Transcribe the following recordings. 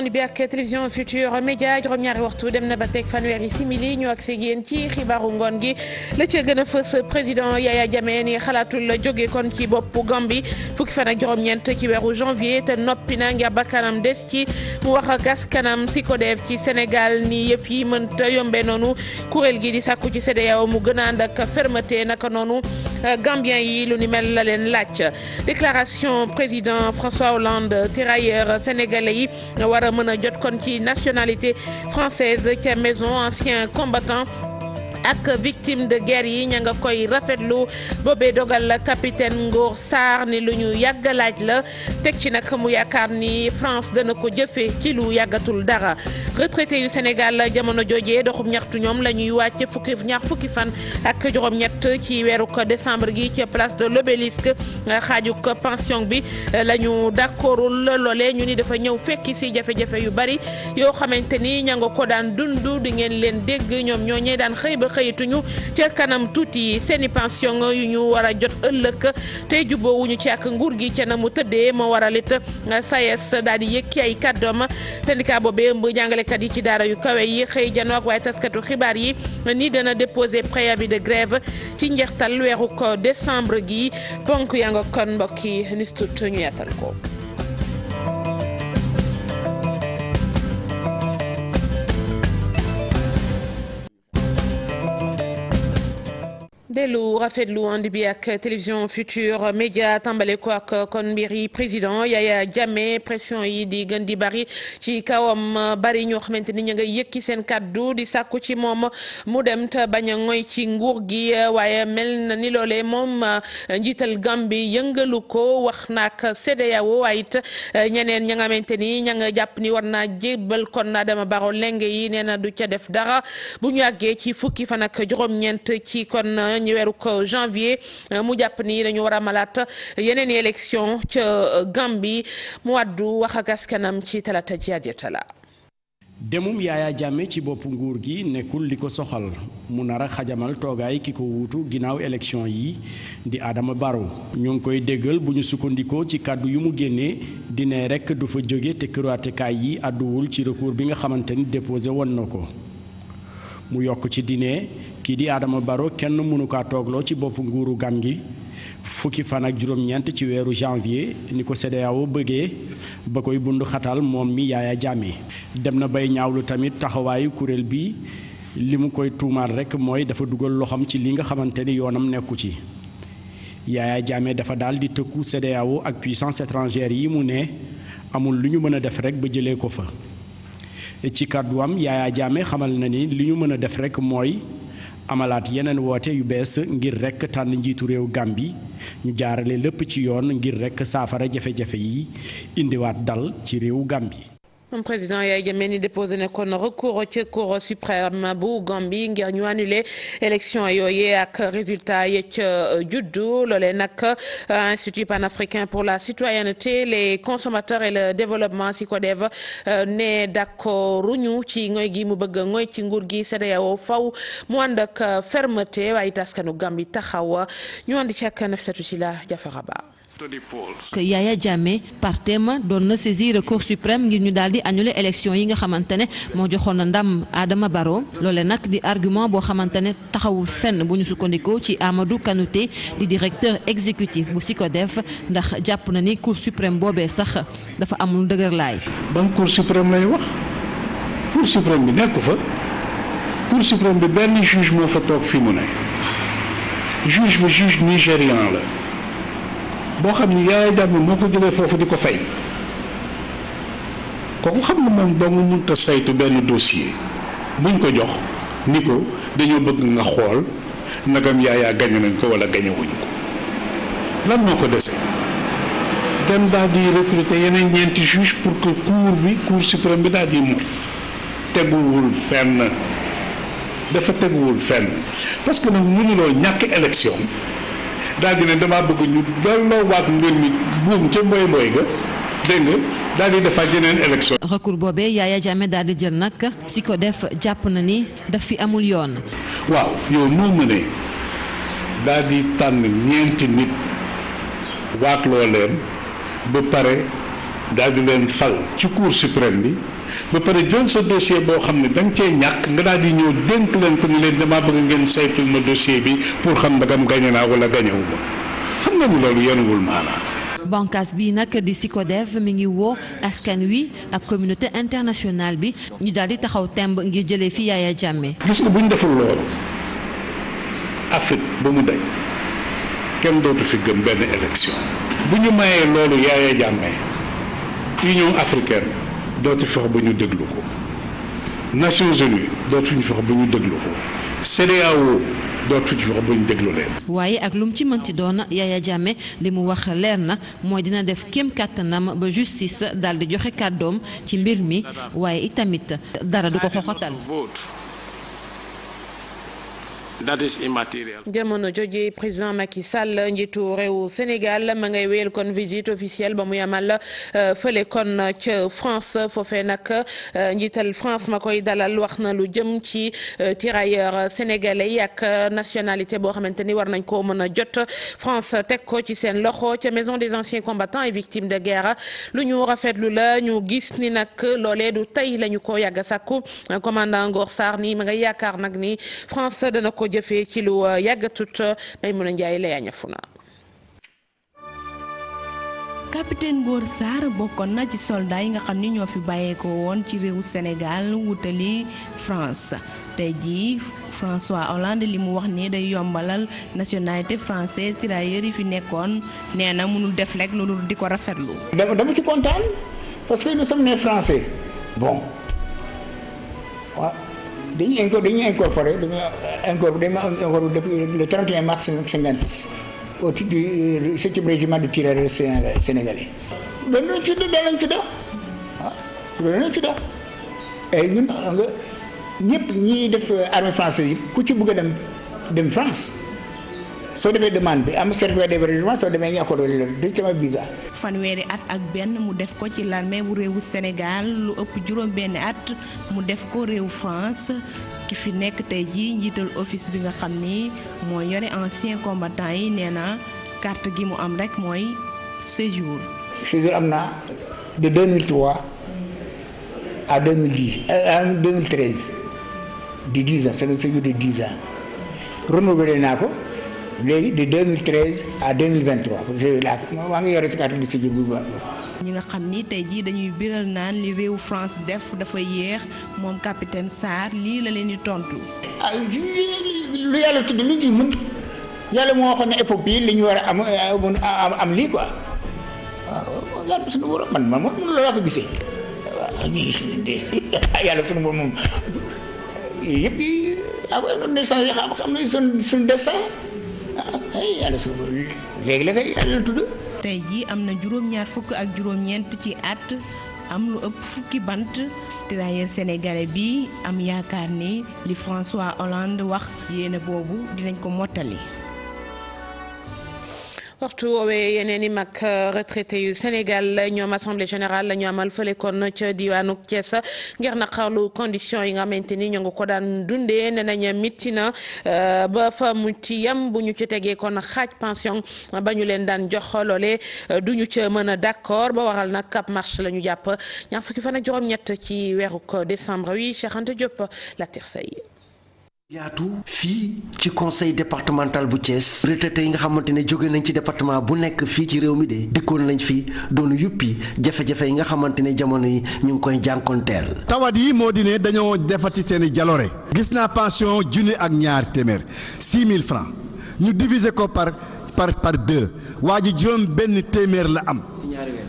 ànd bi ak télévision Futurs Médias juróom-ñaari waxtu dem na ba teg fanweeri simili ñu ak seeg yéen ci xibaaru ngoon gi la ca gën a fës président Yaya Jammeh ni xalaatul la jóge kon ci boppu Gambie fukki fan ak juróom-ñeent ci weeru janvier te noppi na ngir bakkanam des ci mu wax ak askanam si ko def ci Sénégal ni yëf yi mënta yombe noonu kuréel gi di sakku ci CEDEAO mu gën a ànd ak fermeté naka noonu. Euh, gambien yi lu ni mel leen laaj déclaration président François Hollande tirailleurs sénégalais yi war a mën a jot kon ci nationalité française ca maison ancien combattant ak victime de guerre yi ña nga rafet rafetlu boobee dogal la capitaine Ngor Sarr ni lu ñu yàgg laaj la teg ci nag mu yaakaar ni France dana ko jëfee ci lu yàggatul dara retraité yu Sénégal jamono joojee doxum ñaxtu ñoom la ñuy wàcc fukki ñaar fukki fan ak joxom ñett ci weeru décembre gi ci place de l'obélisque xaajuk pension bi la ñu d'accordul loolee ñu ni dafa ñëw fekki si jafe-jafe yu bari yoo xamante ni ña nga ko daan dund di leen dégg ñoom ñoo ñee daan xëy xëyituñu ca kanam tuuti seeni pension yu ñu war a jot ëllëg tey jubboowuñu ci ak nguur gi ca na mu tëddee moo waral it SAES daal di yëkki ay kàddoom syndicat boobee ëmb jàngalekat yi ci daara yu kawe yi xëy janoo ak waaye taskatu xibaar yi ni dana déposer préavis de grève ci njeextal weexu ko décembre gi ponk yaa nga kon mbokk yi ni sut yaatal ko dellu rafetlu ànd bi ak télévision Futur Média tàmbale ko ak euh, kon mbiri président Yaya Jammeh pression yi di gën di bari ci kawam euh, bari ñoo xamante ni ñu nga yëkki seen kàddu di sakku ci moom mu dem te bañ a ngoy ci nguur gi euh, waaye mel na ni loole moom njiital Gambie yëngalu ko wax naak CEDEAO waaye it ñeneen ña nga xamante ni ñanga jàpp ni war naa jébbal kon Adama Barrow lenge yi nee na du ca def dara bu ñu àggee ci fukki fan ak juróom ci kon. ñi weeru janvier euh, mu jàpp nii dañu war a malaat yeneen i ca euh, Gambie mu wàddu wax ak askanam ci talaata ji àjjatala demum Yaya Jammeh ci bopp nguur gi nekkul li ko soxal mu nar a xajamal toogaay ki ko wuutu ginnaaw élection yi di aadama Barrow ñoo ngi koy déggal bu ñu sukkandikoo ci kàddu yi mu génnee di ne rekk du fa jóge te këraatekaay yi àdduwul ci recours bi nga xamante ni déposé woon na ko mu yokk ci dine kii di Adama Barrow kenn mënu kaa toogloo ci bopp nguuru gan gi fukki fan ak juróom-ñeent ci weeru janvier ni ko CEDEAO bëggee ba koy bundu xatal moom mi Yaya Jammeh dem na bay ñaawlu tamit taxawaayu kuréel bi li mu koy tuumaat rekk mooy dafa dugal loxoom ci li nga xamante ni yoonam nekku ci Yaya Jammeh dafa daal di tëkku CEDEAO ak puissance étrangère yi mu ne amul lu ñu mën a def rekk ba jëlee ko fa ci kàdduwam Yaya Jammeh xamal na ni li ñu mën a def rekk mooy amalaat yeneen woote yu bees ngir rekk tànn njiitu réew Gàmbi ñu jaarale lépp ci yoon ngir rekk saafara jafe-jafe yi indiwaat dal ci réewu Gàmbi moom président Yaya Jammeh ni déposé ne kon recours ci cour suprême bu Gambie ngir ñu annulé élection yooye ak résultat yecc euh, juddu loole nag euh, institut panafricain pour la citoyenneté les consommateurs et le développement CICODEV euh, ne d'accord ruñu ci ngoy gi mu bëgg ngoy ci ngur gi CEDEAO faw mu ànd ak fermeté waaye taskanu Gambie taxaw ñu ànd ci ak Nafissatou que Yaya Jammeh ma doon na saisir cour suprême ngir ñu daal di annuler élection yi nga xamante ne moo joxoon na ndam Adama baro loole nag di argument boo xamante ne taxawul fenn bu ñu sukkandikoo ci Amadou Kanouté di directeur exécutif bu SYCODEF ndax jàpp na ni cour suprême boobee sax dafa amul dëgërlaay. ban cour suprême lay wax cour suprême bi nekk fa cour suprême bi benn juge moo fi mu ne juge bi juge nigérian la. boo xam ni yaay jàmm moo ko jëlee foofu di ko fay kooku xam na moom dong mënut a saytu benn dossier buñ ko jox ni ko dañoo bëgg nga xool nagam yaayaa gañe nañ ko wala gañewuñ ko lan moo ko dese dem daal di recruter yeneen ñeenti juge pour que cour bi cour suprême bi daal di mu teguwul fenn dafa teguwul fenn parce que nag mënuloo ñàkk élection. daal di ne damaa bëgg ñu delloo waat mbir mi buum ca mboy mboy ga dégg nga daal di defaat yeneen élection recours boobee Yaya Jammeh jël nag si ko def jàpp na ni daf fi amul yoon. waaw yow noo mënee daal di tànn ñeenti nit waatloo leen ba pare daal leen fal ci cour suprême bi. ba pare jël sa dossier boo xam ne da nga cee ñàkk nga daal di ñëw dénk leen ko ni leen damaa bëgg ngeen saytul ma dossier bi pour xam ndagam gañe naa wala gañewu ma xam nga ni loolu yenuwul maanaam. bànqaas bi nag di SICODEV mi ngi woo askan wi ak communauté internationale bi ñu daal di taxaw temb ngir jëlee fi Yaya Jammeh. gis nga bu ñu deful loolu Afrique ba mu daj kenn dootu fi gëm benn élection bu ñu mayee loolu Yaya Jammeh Union africaine. dootu fex ba ñu déglu ko Nations Unies dootuñu fex ba ñu déglu ko CEDEAO dootuñu fex ba ñu déglu leen. waaye ak lu mu ci mënti doon Yaya jàmme li mu wax leer na mooy dina def kéem kàttanam ba justice daal di joxe kàddoom ci mbir mi waaye itamit dara du ko xoxotal. that is immaterial. jamono jooju président Macky Sall njiitu réew Sénégal ma ngay wéyal kon visite officielle ba muy la euh, fële kon ca France foofee nag euh, njiital France ma koy dalal wax na lu jëm ci euh, tirailleurs sénégalais yi ak nationalité boo xamante ni war nañ koo mën a jot France teg ko ci seen loxo ca maison des anciens combattants et victimes de guerre lu ñu rafetlu la ñu gis ni nag loolee du tey la ko yàgg a sàkku commandant Ngor Sarr ma ngay yaakaar nag ni France jëfee ci lu euh, yàggatut euh, Maymuna Njaay laya ñafu na capitaine Ngor Sarr bokkoon na ci soldat yi nga xam ni ñoo fi bàyyeekoo woon ci réewu Sénégal wutali France te ji François Hollande li mu wax ni day yombalal nationalité française tirailleurs yi fi nekkoon nee na mënul def rek loolu di ko rafetlu. dama ci kontaan parce que nous sommes nés français bon dañuy inco dañuy incorporé dañuy incorporé dañuy incorporé depuis le 31 mars 56 au titre du euh, septième régiment de tirailleurs sénégalais. danañ ci danañ ci def ah ci def et ñun nga ñëpp def armée française yi ku ci bëgg a dem dem France. soo defee demande bi am certificat d'hébergement soo demee ñu accordé la directement visa. fanweeri at ak benn mu def ko ci l'armée bu réewu Sénégal lu ëpp juróom benn at mu def ko réewu France ki fi nekk tey jii njiital office bi nga xam ni moo yore ancien combattant yi nee na carte gi mu am rek mooy séjour. séjour am na de 2003 à 2010 à de di 10 ans c'est le séjour de 10 ans naa ko. léegi de 2013 à 2023 je la maa ngi yore si carte de séjour ñi nga xam ni tey jii dañuy biral naan li réewu France def dafa yéex moom capitaine Sarr lii la leen di tontu. ah lu yàlla tudd lu ñu mën yàlla moo xam ne époque bii li ñu war a am am lii quoi waaw yàlla suñu borom man man ko yàlla suñu moom yëpp ah, yi ah xam ne xam ne suñu suñu destin yàlla su tey jii am na juróom-ñaar fukk ak juróom-ñeent ci at am lu ëpp fukki bant tirailleur sénégalais bi am yaakaar ni li François Hollande wax yéene boobu dinañ ko mottali. waxtu woowee yeneen i mag euh, retraité yu Sénégal ñoom assemblée général la ñu amal fële kon ca diwaanu Thiès ngir naqarlu condition yi nga xamante ni ñoo nga ko daan dundee nee nañ mitti na euh, ba fa mu ci yem bu ñu ci tegee kon xaaj pension ba ñu leen daan jox loole euh, du ñu ca mën a d'accord ba waral nag ab marché la ñu jàpp ñaar fukki fan ak juróom-ñett ci weeru décembre wi Cheikh Anta Diop la terse yi yaatu fii ci conseil départemental bu cees retraités yi nga xamante ne jóge nañ ci département bu nekk fii ci réew mi de dikkoon nañ fi doon yuppi jafe-jafe yi nga xamante ne jamono yi ñu ngi koy teel tawat yi moo di ne dañoo defati seen i jaloore gis naa pension junni ak ñaar téeméer six mille francs ñu diviser ko par par par deux waa ji juróom benn téeméer la am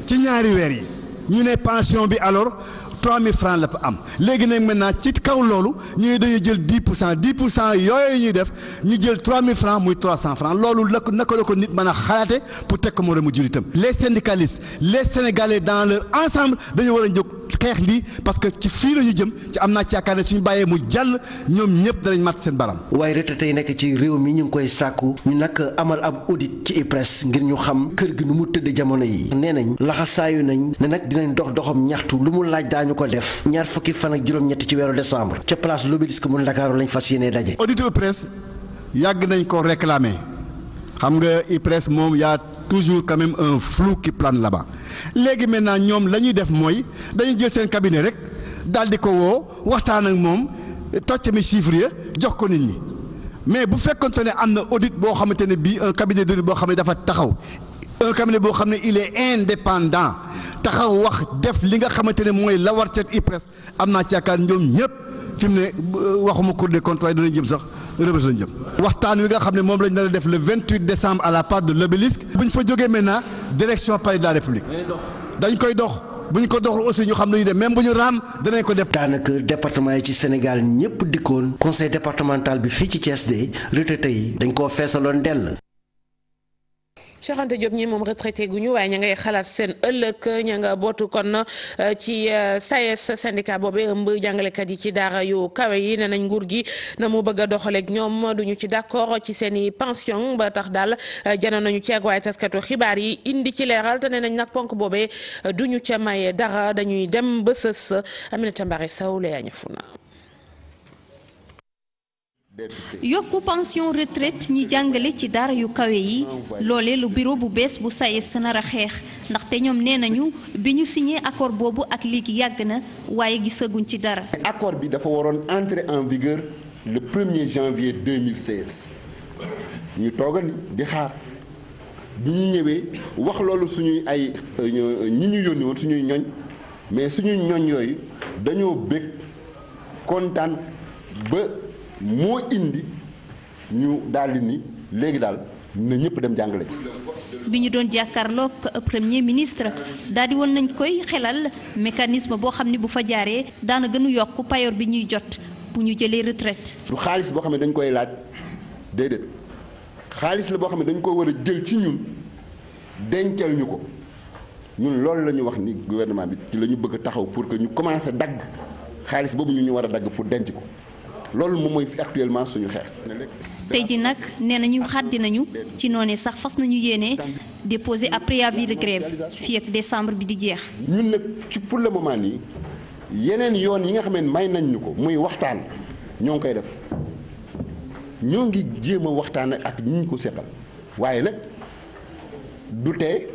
ci ñaari weer yi ñu ne pension bi alors 3000 francs la am léegi nag maintenant ci kaw loolu ñu dañu jël 10 pour cent 10 pour cent yooyu ñuy def ñu jël 3000 francs muy 300 francs loolu naka naka la ko nit mën a xalaate pour teg ko moromu jullitam les syndicalistes les sénégalais dans leur ensemble dañu war a jóg. xeex lii parce que ci fii la jëm ci am naa ci yaakaar ne suñu bàyyee mu jàll ñoom ñëpp danañ mat seen baram. waaye retraité yi nekk ci réew mi ñu ngi koy sàkku ñu nag amal ab audit ci IPRES ngir ñu xam kër gi nu mu tëdd jamono yi nee nañ laxasaayu nañ ne nag dinañ dox doxam ñaxtu lu mu laaj daañu ko def ñaar fukki fan ak juróom-ñett ci weeru décembre ca place l'Obélisque mu Ndakaaru lañ fas yéenee daje. audit IPRES yàgg nañ ko réclamer xam nga IPRES toujours quand même un flou qui plane là-bas léegi maintenant ñoom la ñuy def mooy dañuy jël seen cabinet rek daal di ko woo waxtaan ak moom tocc mi chiffre ya jox ko nit ñi mais bu fekkonte ne am na audit boo xamante ne bii un cabinet d'audit boo xam ne dafa taxaw un cabinet boo xam ne il est indépendant taxaw wax def li nga xamante ne mooy la war ca IPRES am naa caakaar yaakaar ñoom ñëpp. fi mu ne euh, waxuma Cour des comptes waaye danañ jëm sax rëbës jëm. waxtaan wi nga xam ne moom lañ nar a def le 28 décembre à la place de l'obélisque. bu ñu fa jógee maintenant direction palais de république. dañ koy dox. bu ñu ko doxal aussi ñu xam ne ñu dem même bu ñu raam danañ ko def. daanaka département yi ci Sénégal ñëpp dikkoon conseil départemental bi fii ci Thiès de retraité yi dañ koo feesaloon dell. Cheikh Anta Diop ñi moom retraité gu ñu waaye ña ngay xalaat seen ëllëg ña nga bootu kon eh, ci SAES eh, e syndicat boobe ëmb jàngalekat yi ci daara yu kawe yi nee nañ nguur gi na mu bëgg a doxaleeg ñoom duñu ci d'accord ci seen i pension ba tax daal eh, janoon nañu ceeg waaye taskatu xibaar yi indi ci leeral te nee nañ nag ponk boobee ñu ca maye dara dañuy dem ba sës Aminata Mbare Sow Leya Niafuna yokku pension retraite ñi jàngale ci daara yu kawe yi loole lu bureau bu bees bu SAES nar a xeex ndaxte ñoom nee nañu bi ñu signé accord boobu ak léegi yàgg na waaye gisaguñ ci dara. accord bi dafa waroon entrer en vigueur le 1er janvier 2016 ñu toogal di xaar bi ñu ñëwee wax loolu suñuy ay euh, ñi ñu yónni suñuy ñoñ mais suñuy ñoñ yooyu dañoo bëgg kontaan ba. moo indi ñu daal di ni léegi daal na ñëpp dem jàngale ji bi ñu doon jàkkaarloog premier ministre daal di woon nañ koy xelal mécanisme boo xam ne bu fa jaaree daana gënu yokk payoor bi ñuy jot bu ñu jëlee retraite du xaalis boo xam ne dañu koy laaj déedéet xaalis la boo xam ne dañ ko war a jël ci ñun dencal ñu ko ñun loolu la ñu wax ni guvernement bi ci la ñu bëgg taxaw pour que ñu commencé dagg xaalis boobu ñu ñu war a dagg pour denc ko loolu moom mooy fi actuellement suñu xeex. tey ji nag nee na nañu xàddi nañu ci noonu sax fas nañu yéene déposer ab préavis de grève fii ak décembre bi di jeex. ñun nag ci pour le moment nii yeneen yoon yi nga xam ne may nañ ñu ko muy waxtaan ñoo ngi koy def ñoo ngi jéem a waxtaan ak ñi ñu ko seqal waaye nag du tee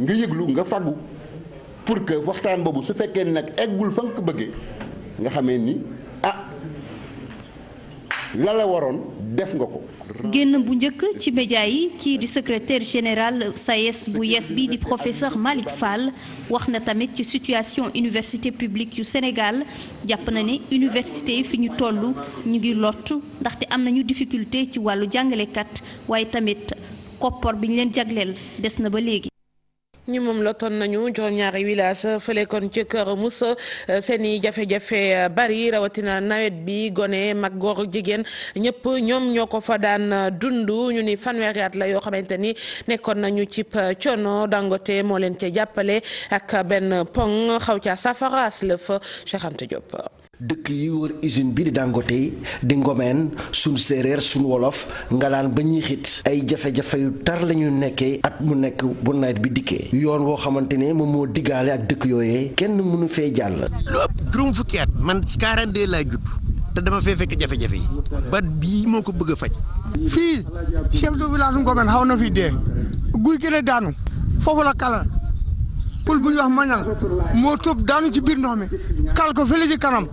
nga yëglu nga faggu pour que waxtaan boobu su fekkee nag eggul fa nga ko bëggee nga xamee ni. la la waroon def nga ko. génn bu njëkk ci média yi kii di secretaire général SAES e bu yees bi di professeur Malick Fall wax na tamit ci situation université publique yu Sénégal jàpp na ne université yi fi ñu toll ñu ngir lott ndaxte am nañu difficulté ci wàllu jàngalekat waaye tamit koppor bi ñu leen jagleel des na ba léegi. ñi moom lotoon nañu joor ñaari village fële kon ci Kër Moussa euh, seen i jafe-jafe bari rawatina nawet bi gone mag góor jigéen ñëpp ñoom ñoo ko fa daan euh, dund ñu ni fanweeriyaat la yoo xamante ni nekkoon nañu ci euh, coono Dangote moo leen ca jàppale ak benn pong xaw caa la fa Cheikh Anta dëkk yi wër usine bi di Dangote di ngomeen suñ séeréer suñ wolof nga naan ba ñuy xit ay jafe-jafe yu tar la nekkee at mu nekk bu nawet bi dikkee yoon woo xamante ne moom moo diggaale ak dëkk yooyee kenn mënu fee jàll lu ëpp juróom fukki at man 42 laa judd te dama fee fekk jafe-jafe yi ba bii moo ko bëgg a faj fii chef de village ngomeen xaw na fi dee guy gën a daanu foofu la kala pul bu ñuy wax mañal moo tëb daanu ci biir ndox mi kal ko fële ci kanam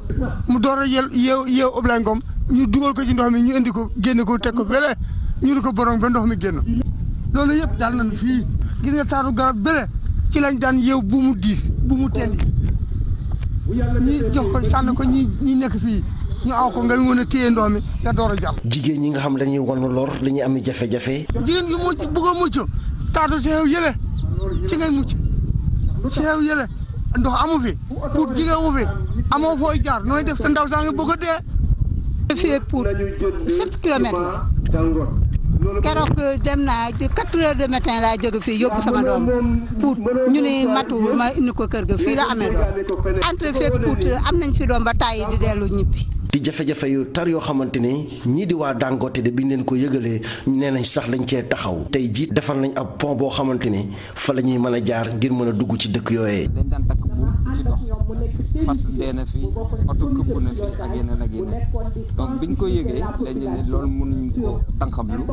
mu door a yel yeew yeew Ablaye Ngom ñu dugal ko ci ndox mi ñu indi ko génne ko teg ko fële ñu di ko borong ba ndox mi génn loolu yëpp daal nañu fii gis nga taatu garab bële ci lañ daan yeew bu mu diis bu mu teel ñi jox ko sànn ko ñi ñi nekk fii ñu aw ko nga mën a téye ndox mi nga door a jàll. jigéen ñi nga xam dañuy wan lor li ñuy am jafe-jafe. jigéen ñi mu bëgg a mucc taatu si xew yële ci ngay mucc. ci xew yële ndox amu fi pour jigéen amu fi amoo fooy jaar nooy def ndaw saa ngi bëgg a dee. fii ak pour sept kilomètres la euh, dem naa de quatre heures de matin laa jóge fii yóbbu sama doom pour ñu ne matu ma indi ko kër ga fii la amee doom entre fekk pour am nañ fi doom ba tàyyi di dellu ñibbi. di jafe-jafe tar yoo xamante ni ñii di waa Dangote de bi ñu leen ko yëgalee nee nañ sax lañ cee taxaw tey jii defal nañ ab pont boo xamante ni fa la ñuy mën a jaar ngir mën a dugg ci dëkk yooyee. dañ daan takk buum ci dox fas dee na fi oto këpp na fi ak yeneen ak yeneen donc biñ ko yëgee dañ ne loolu mënuñ ko tànqamlu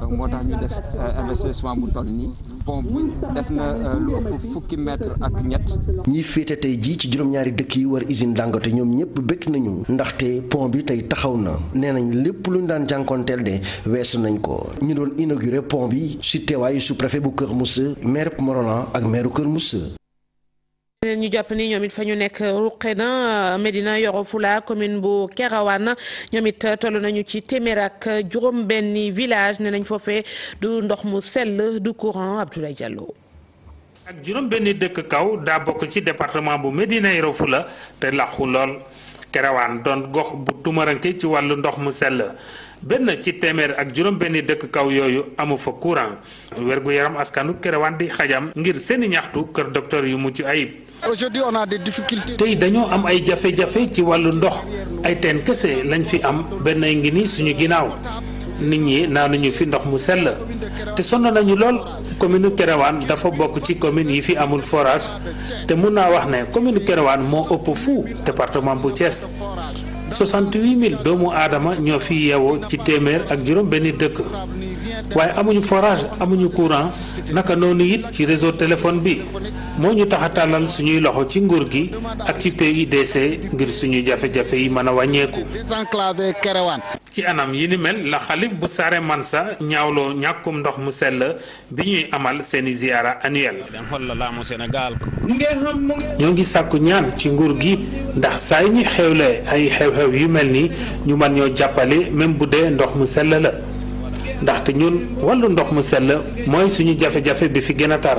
donc moo tax ñu def euh, investissement bu toll nii. pont bi def na lu euh, ëpp fukki mètre ak ñett. ñiy féete tey jii ci juróom-ñaari dëkk yi war usine Dangote ñoom ñëpp bëgg nañu. ndaxte pont bi tey taxaw na nee nañ lépp luñ daan jànkoonteel de weesu nañ ko ñu doon inauguré pont bi si teewaayu su préfet bu Kër Moussa maire Morolan ak maire Kër Moussa. ñeneen ñu jàpp ni ñoom fa ñu nekk Ruqena Medina Yoro Fula commune bu Kerawan ñoom it toll nañu ci téeméer ak juróom-benni village ne nañ foofee du ndox mu sell du courant Abdoulaye Diallo. ak juróom benni dëkk kaw daa bokk ci département bu médina Yoro te làqu lool Kerawan doon gox bu tumaranke ci wàllu ndox mu sell. benn ci téeméer ak juróom-benni dëkk kaw yooyu amu fa courant wergu yaram askanu kerewaan di xajam ngir seeni ñaxtu kër docteur yu mucc ayib. aujourd'hui on a des tey dañoo am ay jafe-jafe ci wàllu ndox ay teen kese lañ fi am benn ngi ni suñu ginnaaw nit ñi naanuñu fi ndox mu sell te sonn nañu lool commune Kéréwan dafa bokk ci commune yi fi amul forage te mun naa wax ne commune kerewaan moo ëpp fu département bu Thiès. 68000 doomu aadama ñoo fi yeewoo ci téeméer ak juróom benni dëkk waaye amuñu forage amuñu courant naka noonu it ci réseau téléphone bi moo ñu tax a tàllal suñuy loxo ci nguur gi ak ci PUDC ngir suñu jafe-jafe yi mën a wàññeeku. ci anam yi ni mel la xalif bu Saare Mansa ñaawloo ñàkkum ndox mu sell bi ñuy amal seeni ziyaara annuel ñoo ngi sàkku ñaan ci nguur gi ndax saa yi ñu ay xew-xew yu mel ni ñu mën ñoo jàppale même bu dee ndox mu sell la ndaxte ñun wàllu ndox mu sell mooy suñu jafe-jafe bi fi gën a tar.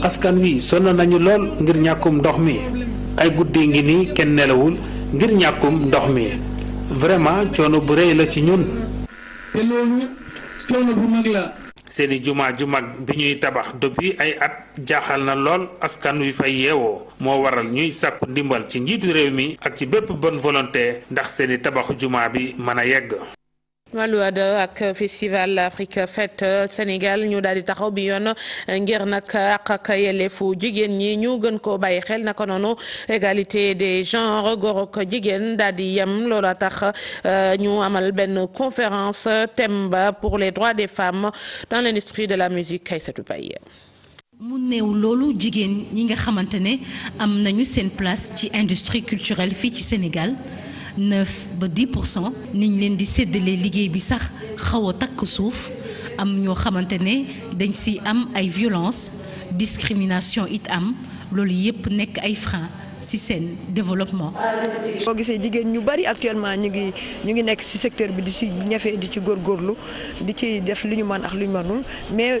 askan wi sonn nañu lool ngir ñàkkum ndox mi ay guddi ngi nii kenn nelawul ngir ñàkkum ndox mi vraiment coono bu rëy la ci ñun. te loolu coono seeni jumaa ju mag bi ñuy tabax depuis ay at jaaxal na lool askan wi fay yeewoo moo waral ñuy sàkku ndimbal ci njiitu réew mi ak ci bépp bon volonté ndax seeni tabaxu jumaa bi mën a yegg. wàllu aada ak festival Afrique Fête Sénégal ñu daal di taxaw bi yoon ngir nag àq ak yelleefu jigéen ñi ñu gën koo bàyyi xel naka noonu égalité des genres góor ak jigéen daal di yem loola tax euh, ñu amal benn conférence thème ba pour les droits des femmes dans l'industrie de la musique Aïssatou Paye mu néew loolu jigéen ñi nga xamante ne am nañu seen place ci industrie culturelle fii ci Sénégal 9 ba 10 pour leen di séddalee liggéey bi sax xaw a takk suuf am ñoo xamante ne dañ si am ay violence discrimination it am loolu yëpp nekk ay frein si seen développement. boo gisee jigéen ñu bari actuellement ñu ngi ñu ngi nekk si secteur bi di si ñafe di ci góor góorgóorlu di ci def li ñu mën ax li ñu mënul mais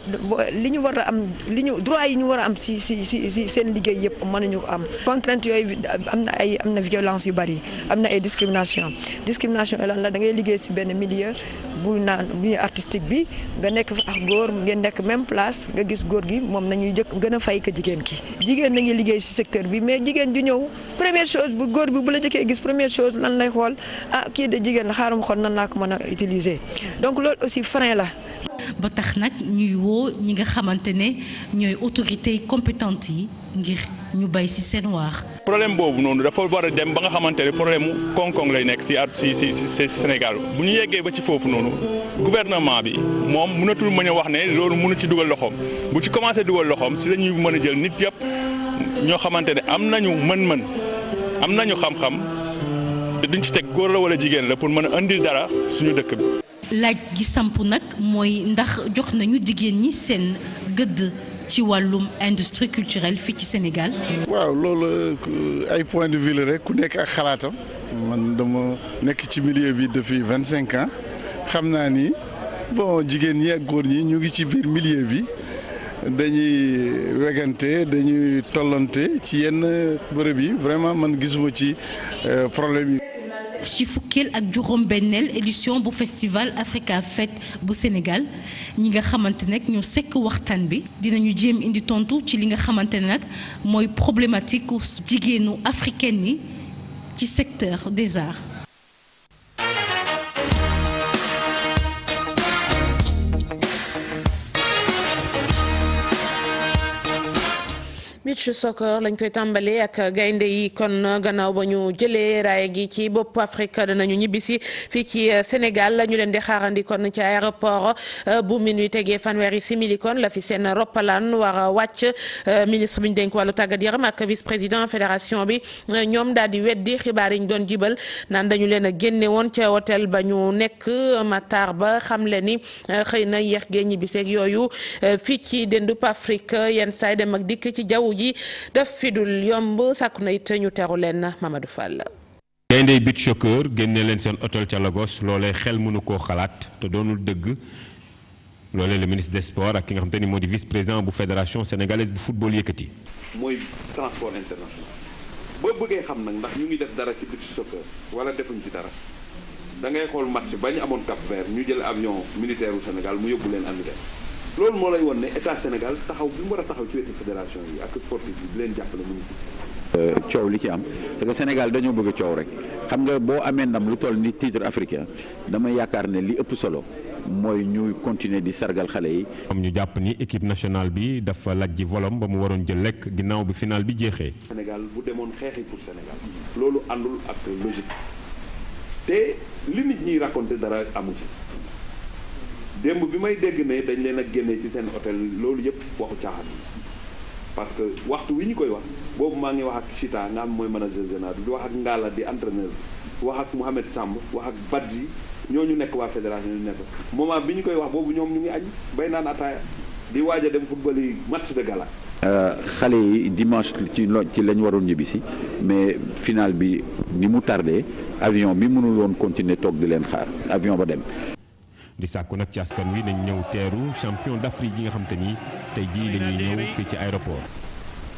li ñu war a am li ñu droit yi ñu war a am si ci ci seen liggéey yëpp mënuñu ko am contrainte yooyu am na ay am na violence yu bari am na ay discrimination discrimination lan la da ngay liggéey si benn milieu. bu naan bu artistique bi nga nekk fa ak góor ngeen nekk même place nga gis góor gi moom nañuy jëkk gën a fay ko jigéen ki jigéen nañuy liggéey ci secteur bi mais jigéen ju ñëw première chose bu góor bi bu la jëkkee gis première chose lan lay xool ah kii de jigéen la xaarum xool nan laa ko mën a utiliser donc loolu aussi frein la ba tax nag ñuy woo ñi nga xamante ne ñooy autorités compétentes yi ngir ñu bay ci seen waax. problème boobu noonu dafa war a dem ba nga xamante ne problème mu koŋ lay nekk ci at ci ci ci Sénégal bu ñu yeggee ba ci foofu noonu gouvernement bi moom mënatul mën a wax ne loolu mënu ci dugal loxoom bu ci commencé dugal loxoom ci la ñuy mën a jël nit yëpp ñoo xamante ne am nañu mën-mën am nañu xam-xam te duñ ci teg góor la walla jigéen la pour mën a indi dara suñu dëkk bi. laaj gi samp nag mooy ndax jox nañu jigéen ñi seen gëdd. ci wàllum industrie culturelle fii ci Sénégal. waaw loolu euh, ay point de vue rek ku nekk ak xalaatam man dama nekk ci milieu bi depuis vingt cinq ans xam naa ni bon jigéen ñi ak góor ñi ñu ngi ci biir milieu bi. dañuy wegante dañuy tollante ci yenn bërëb yi vraiment man gisuma ci euh, problème yi. jàpp ci fukkeel ak juróom benneel édition bu festival Africa Fête bu Sénégal ñi nga xamante nag ñoo sekk waxtaan bi dinañu jéem indi tontu ci li nga xamante ne nag mooy problématique jigéenu africaine ni ci secteur des arts beach soccer lañ koy tàmbalee ak gaynde yi kon gannaaw ba ñu jëlee raay gi ci bopp Afrique danañu ñibbisi fii ci euh, Sénégal lañu leen di xaarandi kon ci aéroport euh, bu minuit tegee fanweeri simili kon la fi seen roppalaan war a wàcc euh, ministre bi ñu dénk wàllu tàggat yaram ak vice président fédération bi ñoom daal di weddi xibaar yi ñu doon jibal naan dañu leen a génne woon ca hôtel ba ñu nekk Matar ba xam le ni xëy na yéex gee ñibbiseeg yooyu fii ci dendub Afrique yenn saay dem jaww ji daf fi dul yomb sàkku na te ñu teru leen Mamadou Fall. gayndey beach soccer génne leen seen hôtel ca Lagos loolee xel mënu koo xalaat te doonul dëgg. loolee le ministre des sports ak ki nga xam te ni moo di vice président bu fédération sénégalaise bu football yëkkati. mooy transport international boo bëggee xam nag ndax ñu ngi def dara ci beach soccer wala defuñ ci dara da ngay xool match ba ñu amoon Cap Vert ñu jël avion militaire u Sénégal mu yóbbu leen Angleterre loolu moo lay won ne état Sénégal taxaw bi mu war a taxaw ci wetu fédération yi ak sportif yi di leen jàppale mu ngi euh, coow li ci am parce Sénégal dañoo bëgg coow rek xam nga boo amee ndam lu toll ni titre africain dama yaakaar ne li ëpp solo mooy ñuy continuer di sargal xale yi. am ñu jàpp ni équipe nationale bi dafa lajji volom ba mu waroon jël lekk ginnaaw bi final bi jeexee. Sénégal bu demoon xeexi pour Sénégal loolu àndul ak logique te li nit ñiy raconté dara amu démb bi may dégg ne dañ leen a génne ci seen hôtel loolu yëpp waxu caaxaan parce que waxtu wi ñu koy wax boobu maa ngi wax ak Chita nga am mooy mën manager général di wax ak Ngala di entraîneur wax ak Mouhamed Samb wax ak yi ñoo ñu nekk waa fédération ñu nekk moment bi ñu koy wax boobu ñoom ñu ngi añ bay naan ataaya di waaja a dem football yi match de gala. Euh, xale yi dimanche ci lo ci lañ waroon ñibbisi mais final bi ni mu tardé avion bi mënul woon continuer toog di leen xaar ba dem. di sàkku nag ci askan wi dañ ñëw teeru champion d'Afrique yi nga xam te ni tey jii dañuy ñëw fii ci aéroport.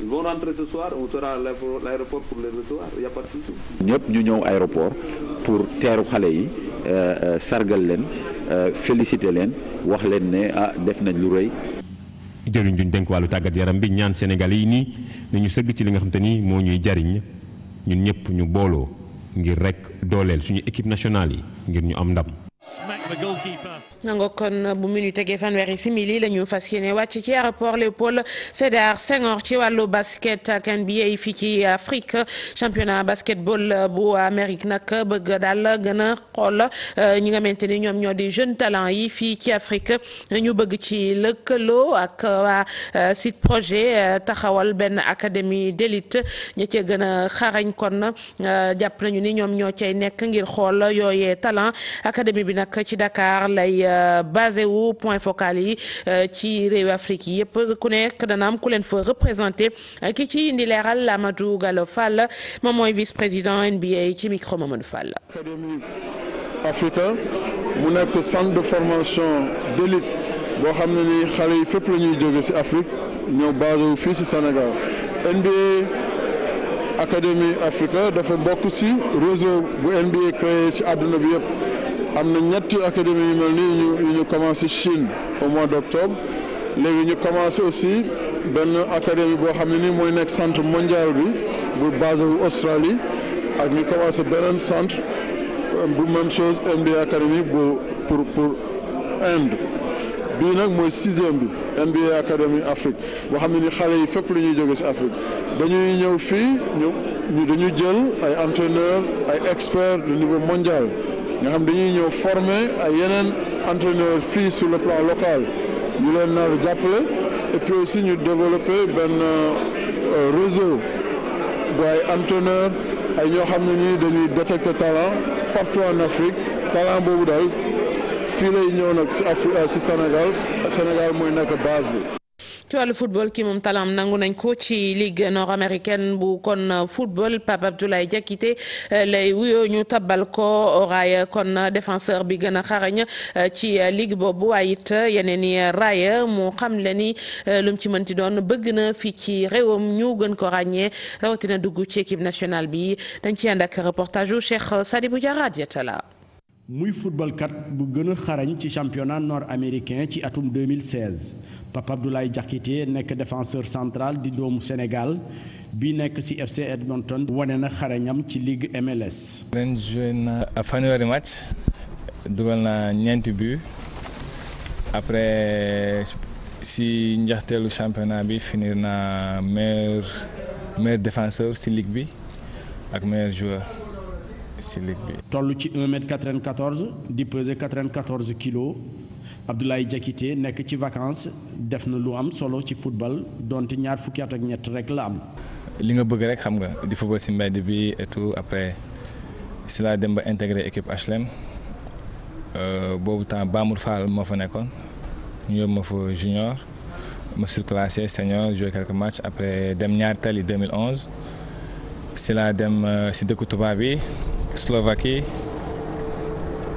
ils vont rentrer ñëpp ñu ñëw aéroport pour teeru xale yi euh, euh, sargal leen euh, féliciter leen wax leen ne ah def nañ lu rëy. jëriñ duñ dénk wàllu tàggat yaram bi ñaan Sénégalais yi nii nañu sëgg ci li nga xam te ni moo ñuy jariñ ñun ñëpp ñu booloo ngir rek dooleel suñu équipe nationale yi ngir ñu am ndam. Smack the goalkeeper. nango kon bu minu tegee fanweeri simili la ñu fas yéene wàcc ci aéroport Léopold Sédar Senghor ci wàllu basket ak NBA fii ci Afrique championnat basketball bu Amérique nag bëgg daal gën a xool euh, ñi nga xamante ni ñoom ñoo di jeunes talents yi fii ci Afrique ñu bëgg ci lëkk lëkkaloo ak waa euh, site projet euh, taxawal benn académie d'élite ña cee gën a xarañ kon jàpp nañu ni ñoom ñoo cay nekk ngir xool yooyee talent académie bi nag ci Dakar lay Euh, basé wu point focal yi euh, ci réew Afrique yi yëpp ku nekk dana am ku leen fa représenté euh, ki ci indi leeral Amadou Gallo Fall moom mooy vice président NBA ci micro Mamadou Fall. Académie Africa mu nekk centre de formation d'élite boo xam ne ni xale yi fépp la ñuy jóge ci Afrique ñëw basé wu fii ci Sénégal NBA. Académie Africa dafa bokk ci réseau bu NBA créé ci àdduna bi yëpp am na ñetti académie yu mel nii ñu ñu commencé Chine au mois d' octobre léegi ñu commencé aussi benn académie boo xam ne nii mooy nekk centre mondiale bi bu basé wu Australie ak ñu commencé beneen centre euh, bu même chose MBA académie bu pour pour Inde bii nag mooy sixième bi MBA académie Afrique boo xam ne ni xale yi fépp la ñuy jóge si Afrique dañuy ñëw fii ñu dañu jël ay entraîneurs ay experts de niveau mondial. nga xam dañuy ñëw forme ay yeneen entraîneur fii sur le plan local ñu leen nar jàppale et puis aussi ñu développer benn euh, réseau bu ay entraîneur ay ñoo xam ne nii dañuy détecter talent partout en Afrique talent boobu daal fii lay ñëw nag si Afrique euh, si Sénégal Sénégal mooy nekk base bi. ci wàllu football kii moom talaam nangu nañ ko ci ligue nord américaine bu kon football Pape Abdoulaye Diakité eh, lay wuyoo ñu tabal ko raaya kon défenseur bi gën a xarañ eh, ci ligue boobu waaye it yeneen i raaya mu xam le ni eh, lu mu ci mënti doon bëgg na fii ci réewam ñu gën ko ràññee rawatina dugg ci équipe nationale bi dañ ci ànd ak reportage u Cheikh Sadibou Diarra Diatala muy footballkat bu gën a xarañ ci championnat nord américain ci atum 2016 Pape Abdoulaye Diakité nekk défenseur central di doomu Sénégal bi nekk ci FC Edmonton wane na xarañam ci ligue MLS. ren joué na fanweeri match dugal na ñeenti but après si njaxteelu championnat bi finir na meilleur meilleur défenseur ci ligue bi ak meilleur joueur. si ligue bi. toll ci 1 mètre 94 di peser 94 kilos Abdoulaye Diakité nekk ci vacances def na lu am solo ci football donte ñaar fukki at ak ñett rek la am. li nga bëgg rek xam nga di football si mbedd bi et après si laa dem ba intégré équipe HLM euh, boobu temps Bamour Fall moo fa nekkoon ñu yóbbu ma fa junior ma surclassé senior joué quelques matchs après dem ñaar tali 2011 si laa dem euh, si dëkku tubaab yi Slovaquie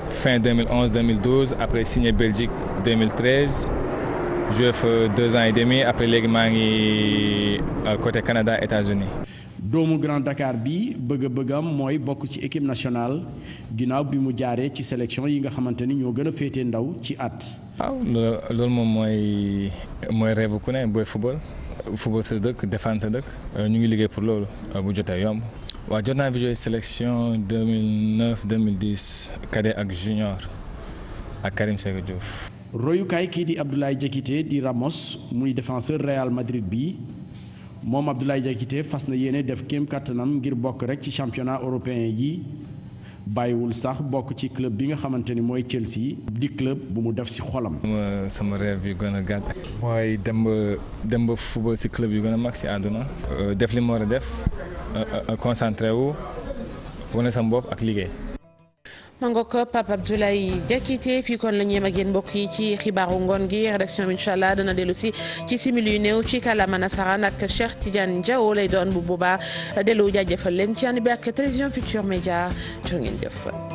fin 2011-2012 après signé Belgique 2013 joué fa deux ans et demi après léegi maa ngi euh, côté Canada États-Unis doomu Grand Dakar bi bëgg bëggam mooy bokk ci équipe nationale ginnaaw bi mu jaaree ci sélection yi nga xamante ni ñoo gën a féetee ndaw ci at. waaw loolu moom mooy mooy rêve ku ne booy football football sa dëkk défendre sa dëkk euh, ñu ngi liggéey pour loolu euh, bu jotee yomb. waa jot naa vidéo sélection 2009 2010 cadet ak junior ak Karim Séga Diouf. royukaay kii di Abdoulaye Diakité di Ramos muy defenseur Real Madrid bi moom Abdoulaye Diakité fas na yéene def kéem kattanam ngir bokk rek ci championnat européen yi bàyyiwul sax bokk ci club bi nga xamante ni mooy Chelsea di club bu mu def si xolam. sama rêve yu gën a gàtt. mooy demb dem ba football si club yu gën a mag si àdduna. Euh, def li mu war a def. concentré wu wane sam bopp ak liggéey. mangok Pape Abdoulaye Diakité fii kon la ñu yem ak yéen mbokk yi ci xibaaru ngoon gi rédaction bi incha allah dana dellu si ci simili yu néew ci kàllaama nasaraan ak Cheikh Tidiane Diaw lay doon bu boobaa dellu jaajëfal leen ci ànd bi ak télévision Futur Média jërë ngeen jëf.